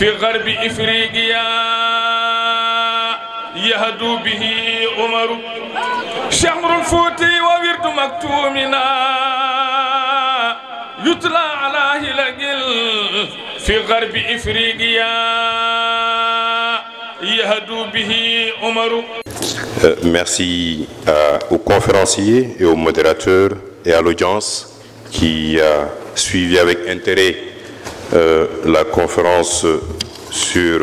في غرب إفريقيا يهدو به عمر شهر الفوتي وورد مكتومنا يتلى على هلقل في غرب إفريقيا يهدو به عمر merci euh, aux conférenciers et aux modérateurs et à l'audience qui a suivi avec intérêt euh, la conférence sur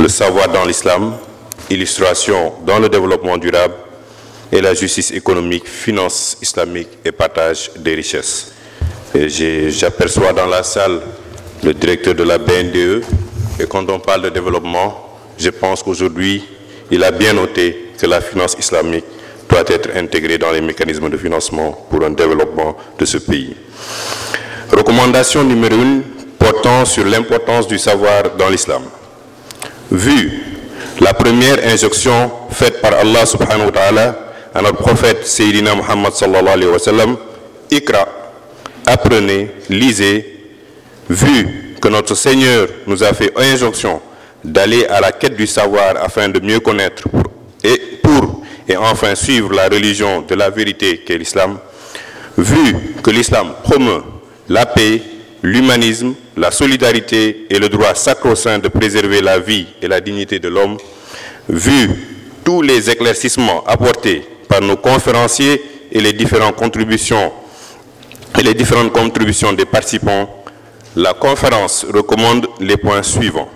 le savoir dans l'islam, illustration dans le développement durable et la justice économique, finance islamique et partage des richesses. J'aperçois dans la salle le directeur de la BNDE et quand on parle de développement, je pense qu'aujourd'hui, il a bien noté que la finance islamique doit être intégrée dans les mécanismes de financement pour un développement de ce pays. Recommandation numéro 1 portant sur l'importance du savoir dans l'islam. Vu la première injonction faite par Allah subhanahu wa ta'ala à notre prophète Sayyidina Muhammad sallallahu alayhi wa sallam, apprenez, lisez, vu que notre Seigneur nous a fait injonction d'aller à la quête du savoir afin de mieux connaître et pour et enfin suivre la religion de la vérité qu'est l'islam, vu que l'islam promeut la paix, l'humanisme, la solidarité et le droit sacro-saint de préserver la vie et la dignité de l'homme, vu tous les éclaircissements apportés par nos conférenciers et les différentes contributions et les différentes contributions des participants, la conférence recommande les points suivants.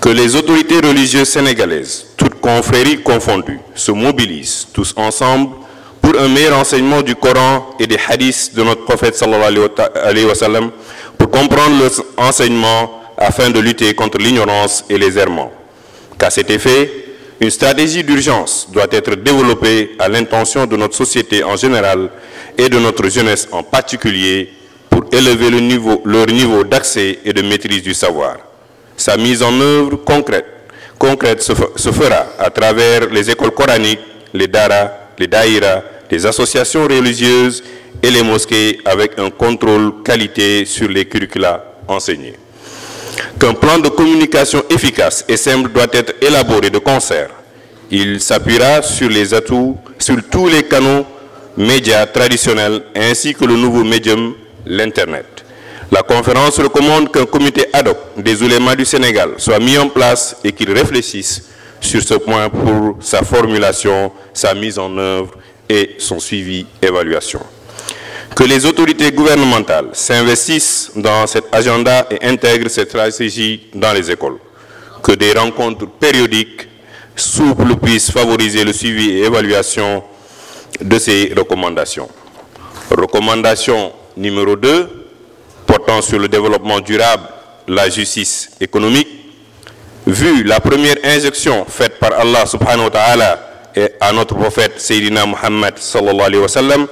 Que les autorités religieuses sénégalaises, toutes confréries confondues, se mobilisent tous ensemble un meilleur enseignement du Coran et des hadiths de notre prophète sallallahu alayhi wa sallam, pour comprendre leur enseignements afin de lutter contre l'ignorance et les errements. Qu'à cet effet, une stratégie d'urgence doit être développée à l'intention de notre société en général et de notre jeunesse en particulier pour élever leur niveau d'accès et de maîtrise du savoir. Sa mise en œuvre concrète, concrète se, fera à travers les écoles coraniques, les daras, les daïras, des associations religieuses et les mosquées avec un contrôle qualité sur les curricula enseignés. Qu'un plan de communication efficace et simple doit être élaboré de concert. Il s'appuiera sur les atouts, sur tous les canaux médias traditionnels ainsi que le nouveau médium, l'Internet. La conférence recommande qu'un comité ad hoc des oulémas du Sénégal soit mis en place et qu'il réfléchisse sur ce point pour sa formulation, sa mise en œuvre et son suivi évaluation. Que les autorités gouvernementales s'investissent dans cet agenda et intègrent cette stratégie dans les écoles. Que des rencontres périodiques souples puissent favoriser le suivi et évaluation de ces recommandations. Recommandation numéro 2, portant sur le développement durable, la justice économique. Vu la première injection faite par Allah subhanahu wa ta'ala et à notre prophète Sayyidina Muhammad sallallahu alayhi wa sallam,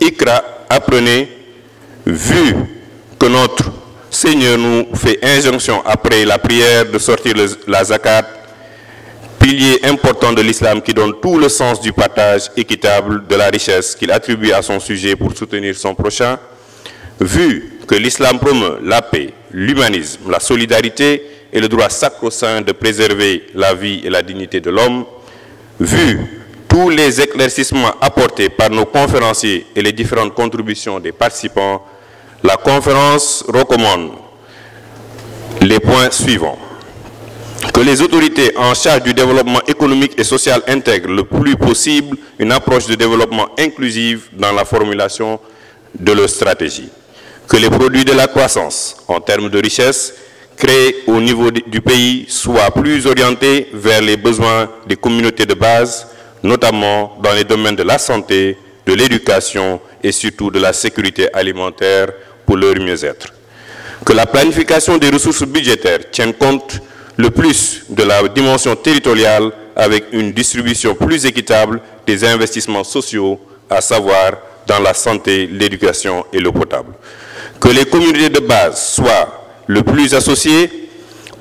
Ikra, apprenez, vu que notre Seigneur nous fait injonction après la prière de sortir la zakat, pilier important de l'islam qui donne tout le sens du partage équitable de la richesse qu'il attribue à son sujet pour soutenir son prochain, vu que l'islam promeut la paix, l'humanisme, la solidarité et le droit sacro-saint de préserver la vie et la dignité de l'homme, vu tous les éclaircissements apportés par nos conférenciers et les différentes contributions des participants, la conférence recommande les points suivants. Que les autorités en charge du développement économique et social intègrent le plus possible une approche de développement inclusive dans la formulation de leur stratégie. Que les produits de la croissance, en termes de richesse, créés au niveau du pays soit plus orienté vers les besoins des communautés de base, notamment dans les domaines de la santé, de l'éducation et surtout de la sécurité alimentaire pour leur mieux-être. Que la planification des ressources budgétaires tienne compte le plus de la dimension territoriale avec une distribution plus équitable des investissements sociaux, à savoir dans la santé, l'éducation et l'eau potable. Que les communautés de base soient le plus associé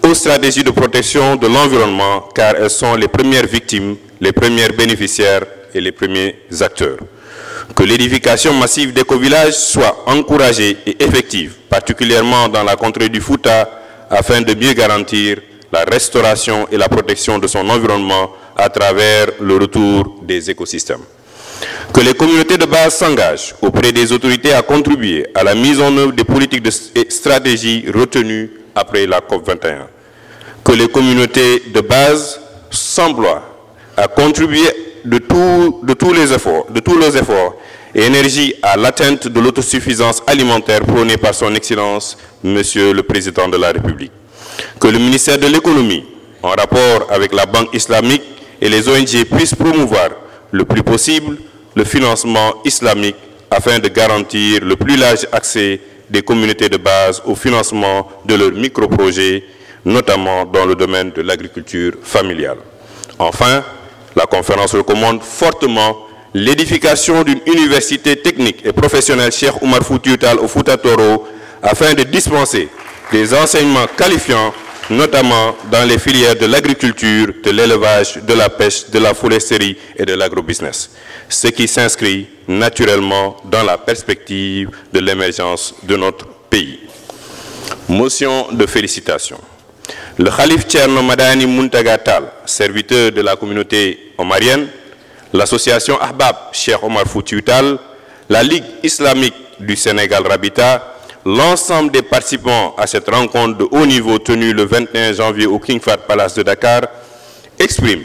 aux stratégies de protection de l'environnement car elles sont les premières victimes, les premières bénéficiaires et les premiers acteurs. Que l'édification massive d'éco-villages soit encouragée et effective, particulièrement dans la contrée du Fouta, afin de mieux garantir la restauration et la protection de son environnement à travers le retour des écosystèmes que les communautés de base s'engagent auprès des autorités à contribuer à la mise en œuvre des politiques et stratégies retenues après la COP21, que les communautés de base s'emploient à contribuer de, de, tous les efforts, de tous leurs efforts et énergies à l'atteinte de l'autosuffisance alimentaire prônée par son Excellence, Monsieur le Président de la République. Que le ministère de l'Économie, en rapport avec la Banque islamique et les ONG, puisse promouvoir le plus possible le financement islamique afin de garantir le plus large accès des communautés de base au financement de leurs microprojets, notamment dans le domaine de l'agriculture familiale. Enfin, la conférence recommande fortement l'édification d'une université technique et professionnelle Cheikh Oumar Foutioutal au Toro afin de dispenser des enseignements qualifiants notamment dans les filières de l'agriculture, de l'élevage, de la pêche, de la foresterie et de l'agrobusiness, ce qui s'inscrit naturellement dans la perspective de l'émergence de notre pays. Motion de félicitations. Le Khalif Tcherno Madani Muntagatal, serviteur de la communauté omarienne, l'association Ahbab Cheikh Omar Foutiutal, la Ligue islamique du Sénégal Rabita, L'ensemble des participants à cette rencontre de haut niveau tenue le 21 janvier au King Fahd Palace de Dakar exprime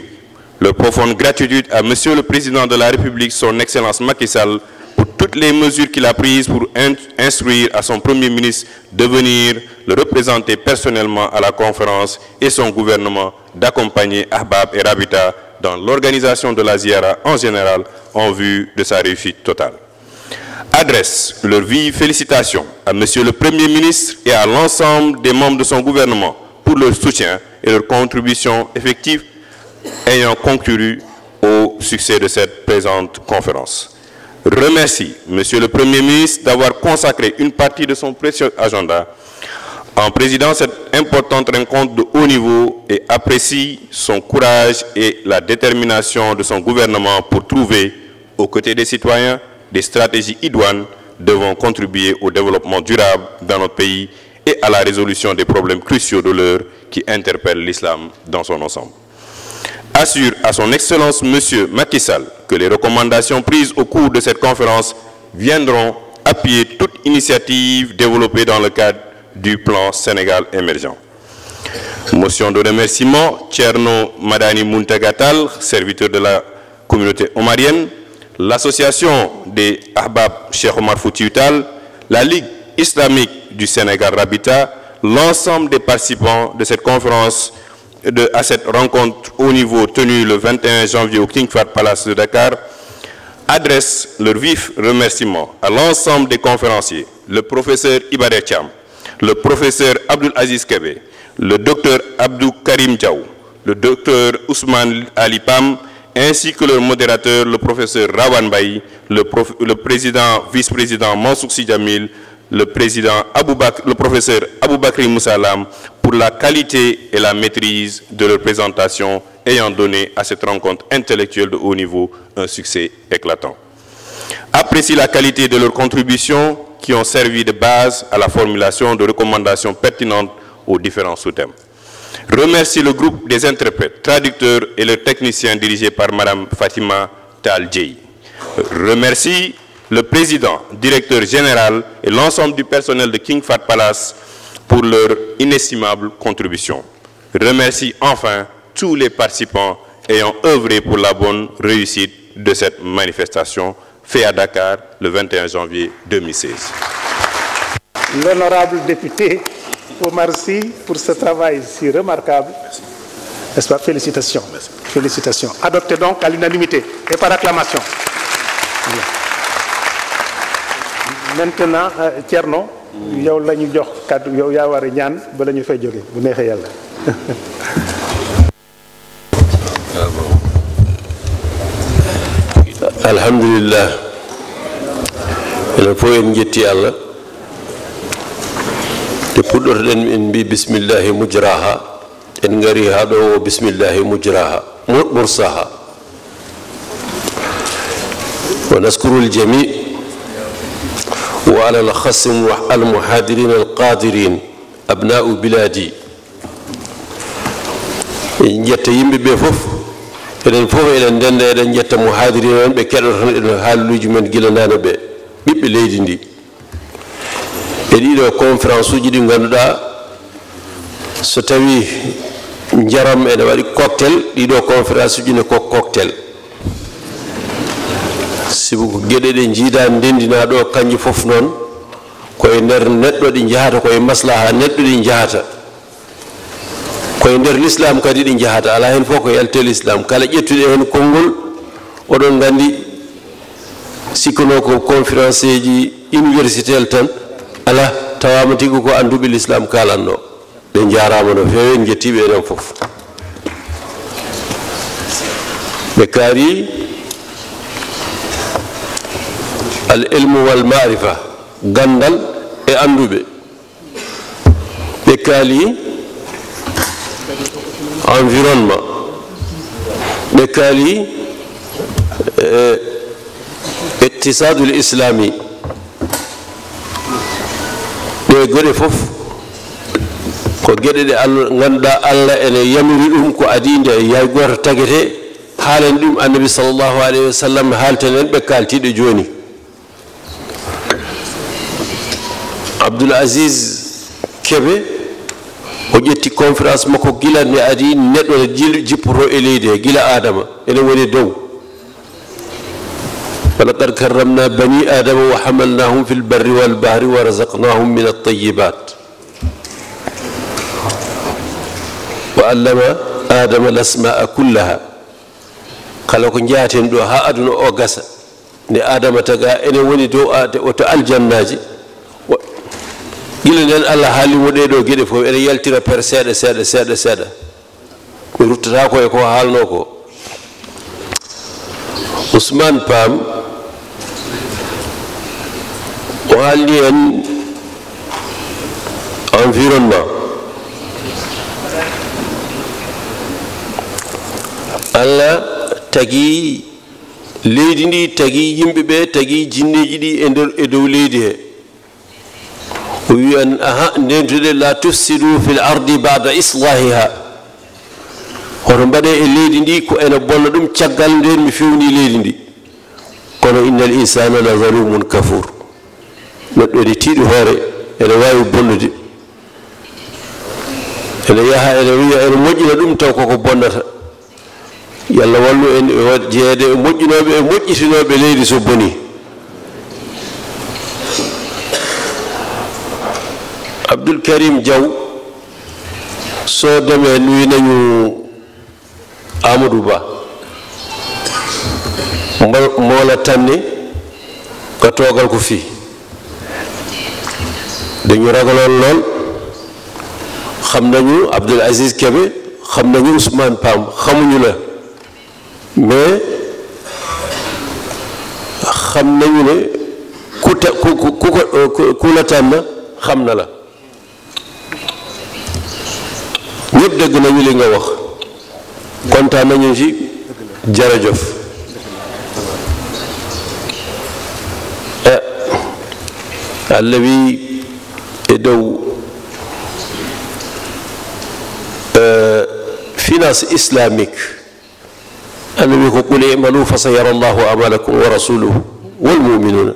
leur profonde gratitude à Monsieur le Président de la République, son Excellence Macky Sall, pour toutes les mesures qu'il a prises pour instruire à son Premier ministre de venir le représenter personnellement à la conférence et son gouvernement d'accompagner Ahbab et Rabita dans l'organisation de la Ziara en général en vue de sa réussite totale adresse leurs vives félicitations à Monsieur le Premier ministre et à l'ensemble des membres de son gouvernement pour leur soutien et leur contribution effective ayant conclu au succès de cette présente conférence. Remercie Monsieur le Premier ministre d'avoir consacré une partie de son précieux agenda en présidant cette importante rencontre de haut niveau et apprécie son courage et la détermination de son gouvernement pour trouver, aux côtés des citoyens, des stratégies idoines devront contribuer au développement durable dans notre pays et à la résolution des problèmes cruciaux de l'heure qui interpellent l'islam dans son ensemble. Assure à son Excellence Monsieur Macky que les recommandations prises au cours de cette conférence viendront appuyer toute initiative développée dans le cadre du plan Sénégal émergent. Motion de remerciement, Tcherno Madani Muntagatal, serviteur de la communauté omarienne, l'association des Ahbab Cheikh Omar Foutiutal, la Ligue islamique du Sénégal Rabita, l'ensemble des participants de cette conférence, à cette rencontre au niveau tenue le 21 janvier au King Palace de Dakar, adressent leur vif remerciement à l'ensemble des conférenciers, le professeur Ibadet Cham, le professeur Abdul Aziz Kebe, le docteur Abdou Karim Djaou, le docteur Ousmane Ali Pam, ainsi que leur modérateur, le professeur Rawan Baï, le, président, vice-président Mansour Sidjamil, le, président le professeur Aboubakri Moussalam, pour la qualité et la maîtrise de leur présentation ayant donné à cette rencontre intellectuelle de haut niveau un succès éclatant. Appréciez la qualité de leurs contributions qui ont servi de base à la formulation de recommandations pertinentes aux différents sous-thèmes remercie le groupe des interprètes, traducteurs et le technicien dirigé par Mme Fatima Taljei. Remercie le président, directeur général et l'ensemble du personnel de King Fat Palace pour leur inestimable contribution. Remercie enfin tous les participants ayant œuvré pour la bonne réussite de cette manifestation faite à Dakar le 21 janvier 2016. L'honorable député Omar Sy pour ce travail si remarquable. N'est-ce pas Félicitations. Merci. Félicitations. Adoptez donc à l'unanimité et par acclamation. Maintenant, euh, Thierno, yow la ñu jox kàddu yow yaa war ñaan ba la ñu fay jóge bu neexee alhamdulillah. le foo leen yalla. تبدر إن بسم الله مجراها إن غري هذا بسم الله مجراها مرصاها ونذكر الجميع وعلى الخص المحاضرين القادرين أبناء بلادي إن جت يمي بفوف إن فوف إلى إن جت محاضرين بكرر هالوجمن جلنا نبي بيبليدي e ɗiɗo conférence uji ɗi ngannduɗa so tawi jaram ene waɗi coctel ɗiɗo conférence uji ne ko coctel sibo ko gueɗe ɗe jiida ndendina ɗo kanƴe foof noon koye nder neɗɗo ɗi jahata koye maslaha neɗɗo ɗi jahata koye nder l'islam kadi ɗi jahata ala hen fof ko yalte l'islam kala ƴettuɗe hen konngol oɗon gandi sikkano ko conférence ji universitel tan ala tawama tigi ko anduɓe l'islam kalanno ɓe jarama no fewi en jettiɓe enen foof ɓe kaari al ilmu wal marifa gandal e anduɓe ɓe kaali environnement ɓe kaali ittisadul islami ɗe goɗe fof ko geɗe ɗe allah ngannduɗa allah ene yamiri ɗum ko adinde e yay goto tagete haalen ɗum annabi salllahu aleyhi wa sallam haalten en ɓe kaltiɗe jooni abdoul asis keɓe o ƴetti conférence makko gila ne adi neɗɗo ne jippoto e leydi he gila adama ene woni dow ولقد كرمنا بني آدم وحملناهم في البر والبحر ورزقناهم من الطيبات وعلم آدم الأسماء كلها قالوا كن جاتين دو ها أدن أوغس ني آدم تقا إن ولي دو آت وتأل جناجي إلا نين الله حالي ودي دو جدي فو إلا يلتنا پر سيدة سيدة سيدة سيدة ورطتاكو يكو حال نوكو عثمان فام وقال لي أن ألا تجي ليدني تجي يمبي تجي جيني جدي اندر ادو ليدي ويان اها نيدر لا تفسدوا في الارض بعد اصلاحها ورم بدا ليدني كو انا بولدوم تشغال ندير مفيوني ليدني كون ان الانسان لظلوم كفور neɗɗo ene tiiɗi hoore ene waawi bonnude ene yaha ene wiya ene moƴƴina ɗum taw koko bonnata yalla wallu en e wa jeede e moƴƴinooɓe e moƴƴitinooɓe leydi so bonii abdoul karim diaw soo demee wi nañu amadou ba mola tanni ko toogal ko fii dañu ragaloon lool xam nañu Abdoul Aziz Kébé xam nañu Ousmane Pam xamuñu la mais xam nañu ne ku te ku ku ku euh, ku la tànn xam na la ñëpp dëgg nañu li nga wax kontaan nañu ci jërëjëf àll eh, bi دو في ناس إسلاميك النبي يقول اعملوا إيه، فسيرى الله عملكم ورسوله والمؤمنون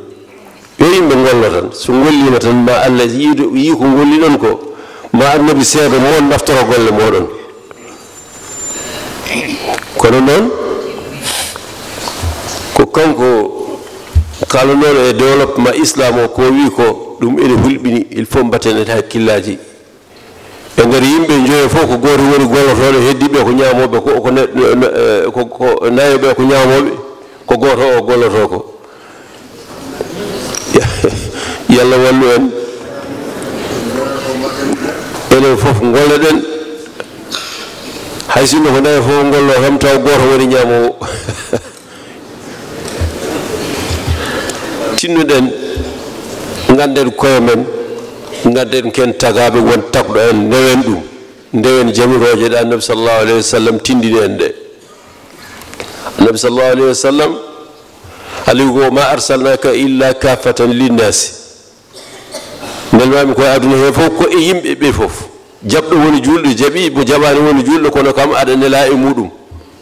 يرين من والله سنقول ما الذي يكون قول ما النبي سيد مول نفتر قول المول كنون كنون qala noon e développement islam o ko wi ko ɗum ene hulɓini il faut mbatten en hakkillaji e nder yimɓe joyo fof ko goto woni gollotoɗo heddiɓe ko ñamoɓe e e, ko nayoɓe ko ñamoɓe ko goto o golloto ko yallah wallu en enen fof golloɗen hay sinno ko nayo fof gollo kam taw goto woni ñamowo tinnuɗen ganden koye men ganden ken tagaɓe won takɗo en ndewen ɗum ndewen jamirooje ɗe annabi sallallahu alayhi wa sallam tindini en ɗe annabi sallallahu alayhi wa sallam haligu ko ma arsalnaka illa kafatan linnasi nelmami koye aduna he fof ko e yimɓe ɓe fof jaɓɗo woni julɗo jaɓi mo jaɓani woni julɗo kono kam aɗa nela e muɗum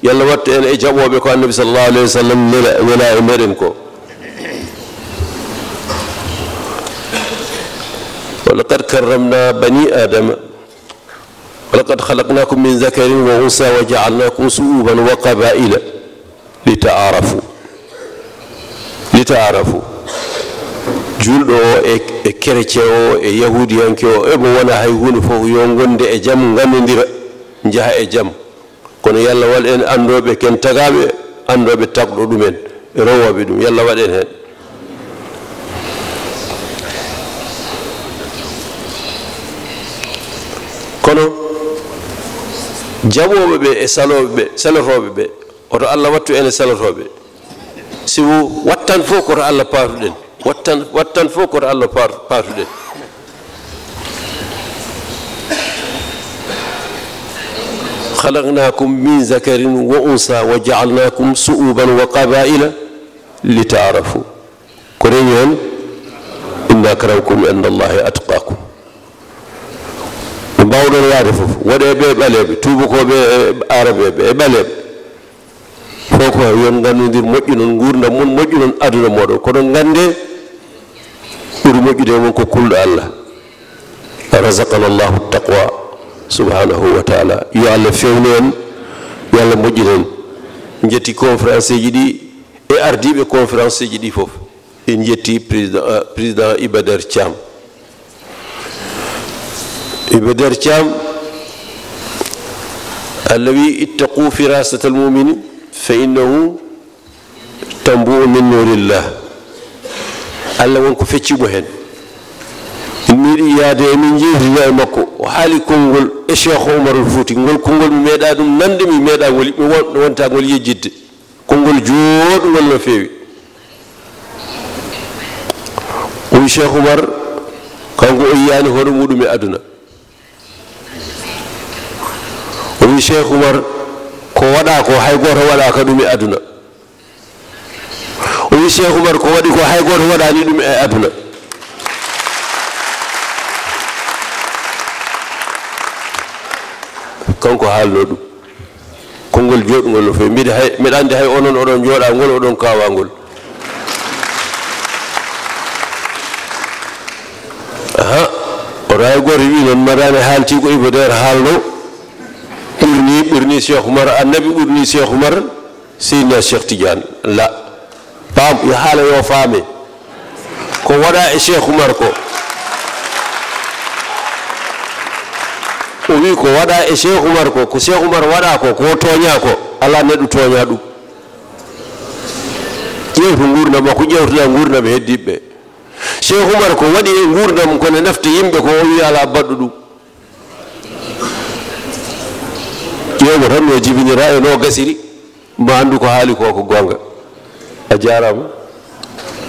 yallah watta en e jaɓoɓe ko annabi sallallahu alayhi wa sallam nela e meɗen ko ولقد كرمنا بني آدم ولقد خلقناكم من ذكر وأنثى وجعلناكم شعوبا وقبائل لتعارفوا لتعارفوا julɗo o e kerecien o e yahudiyanke o ebo wona hay hunde fof yo gonde e jaam gandodira jaha e jaam kono yallah waɗ en andoɓe ken tagaɓe andoɓe tagɗo ɗumen e rowoɓe ɗum yallah waɗ en hen kono jaɓoɓe ɓe e saloɓe ɓe salotoɓe ɓe oto allah wattu en e salotoɓe sibo wattan fof koto allah paatuɗen wattan wattan fof koto allah paatuɗen خلقناكم من ذكر وأنثى وجعلناكم سؤوبا وقبائل لتعرفوا كريم إن أكرمكم عند الله أتقاكم bawɗol yaade fof waɗe ɓe ɓaleɓe tuubako e, e ɓe arabe ɓe e ɓaleɓe fof ko yon nganndodir moƴƴunon nguurdam mum moƴƴunon aduna moɗon kono ngannde ɓuri moƴƴude e ko kulɗo allah razakana llahu taqwa subhanahu wa taala yo allah fewnu en yo allah moƴƴin en jetti conférence ji ɗi e ardiɓe conférence ji ɗi fof en jetti président euh, président ibadar thiam يبدر كام الذي اتقوا فراسة المؤمن فإنه تنبوء من نور الله ألا وانكو فتشي بهن الميري يا دي من جيه يا مكو وحالي كونغول الشيخ عمر الفوتي نقول كونغول ميدا دم نندم ميدا ولي وانتا قول يجد كونغول جود ولا فيوي وي شيخ عمر كونغو اياني هرمودو مي ادنا weli sheekh umar ko waɗa ko hay gooto waɗa ka ɗum e aduna o wi cheikh oumar ko waɗi ko hay gooto waɗani ɗum e aduna kanko haalno ɗum konngol jooɗugol no fewi mbiɗa hay mbiɗa anndi onon oɗon jooɗangol oɗon kawangol aha oto hay gooto wi noon marani haalti ko ibodere haalno urni Cheikh Umar annabi urni Cheikh Umar seydna Cheikh Tidiane la pam ya hala yo fami ko wada e Cheikh Umar ko o wi ko wada e Cheikh Umar ko ko Cheikh Umar wada ko ko tonya ko allah ne du neɗɗo tooña ɗum ƴewtu gurdam ko ƴewtuɗa gurdam be dibbe Cheikh Umar ko wadi waɗi e gurdam ne nafti yimbe ko wi ala baɗɗo ɗum kanko tan no jibinira e no gasiri mbo anndu ko haali ko ko goonga a jaaraama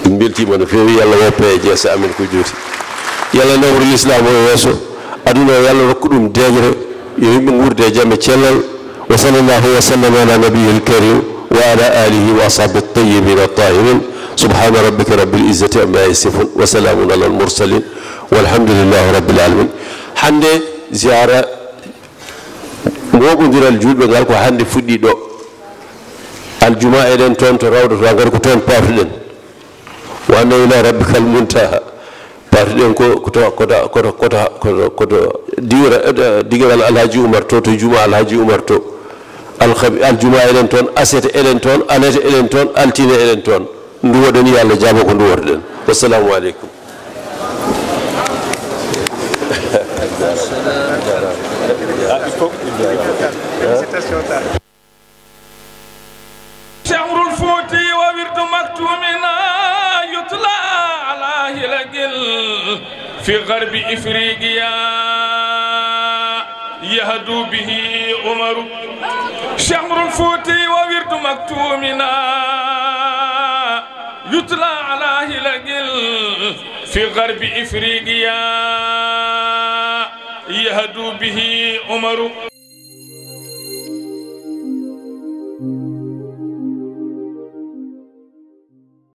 en beltima no feewi yalla woppe e jeesa amen ko jooti yalla nawru l'islam o yeeso aduna o yalla rokku ɗum deeñre yo yimɓe guurde e jamme cellal wa sallallahu wa sallam ala nabiyil karim wa ala alihi wa ashabi altayibin altahirin subhana rabbika rabbil izzati amma yasifun wa salamun ala almursalin walhamdulillahi rabbil alamin hannde ziyara gogodiral juulɓe ngal ko hannde fuɗɗi ɗo aljuma eɗen toon to rawdotoa ngata ko toon paatuɗen wanna ila rabbi kal muntaha paatuɗen ko koto koto koto koto koto diwra eh, eh, digiral alhaji oumar to to juma alhaji oumar to alhabi aljuma eɗen toon asete eɗen toon alete eɗen toon altine eɗen toon nduwoɗen yo allah jaabo ko nduwotoɗen wassalamu aleykum Ah, il faut. Félicitations, الفوت وورد مكتومنا يطلع على هلاجل في غرب إفريقيا يهدو به عمر شعر الفوت وورد مكتومنا يطلع على هلاجل في غرب إفريقيا يهدو به عمر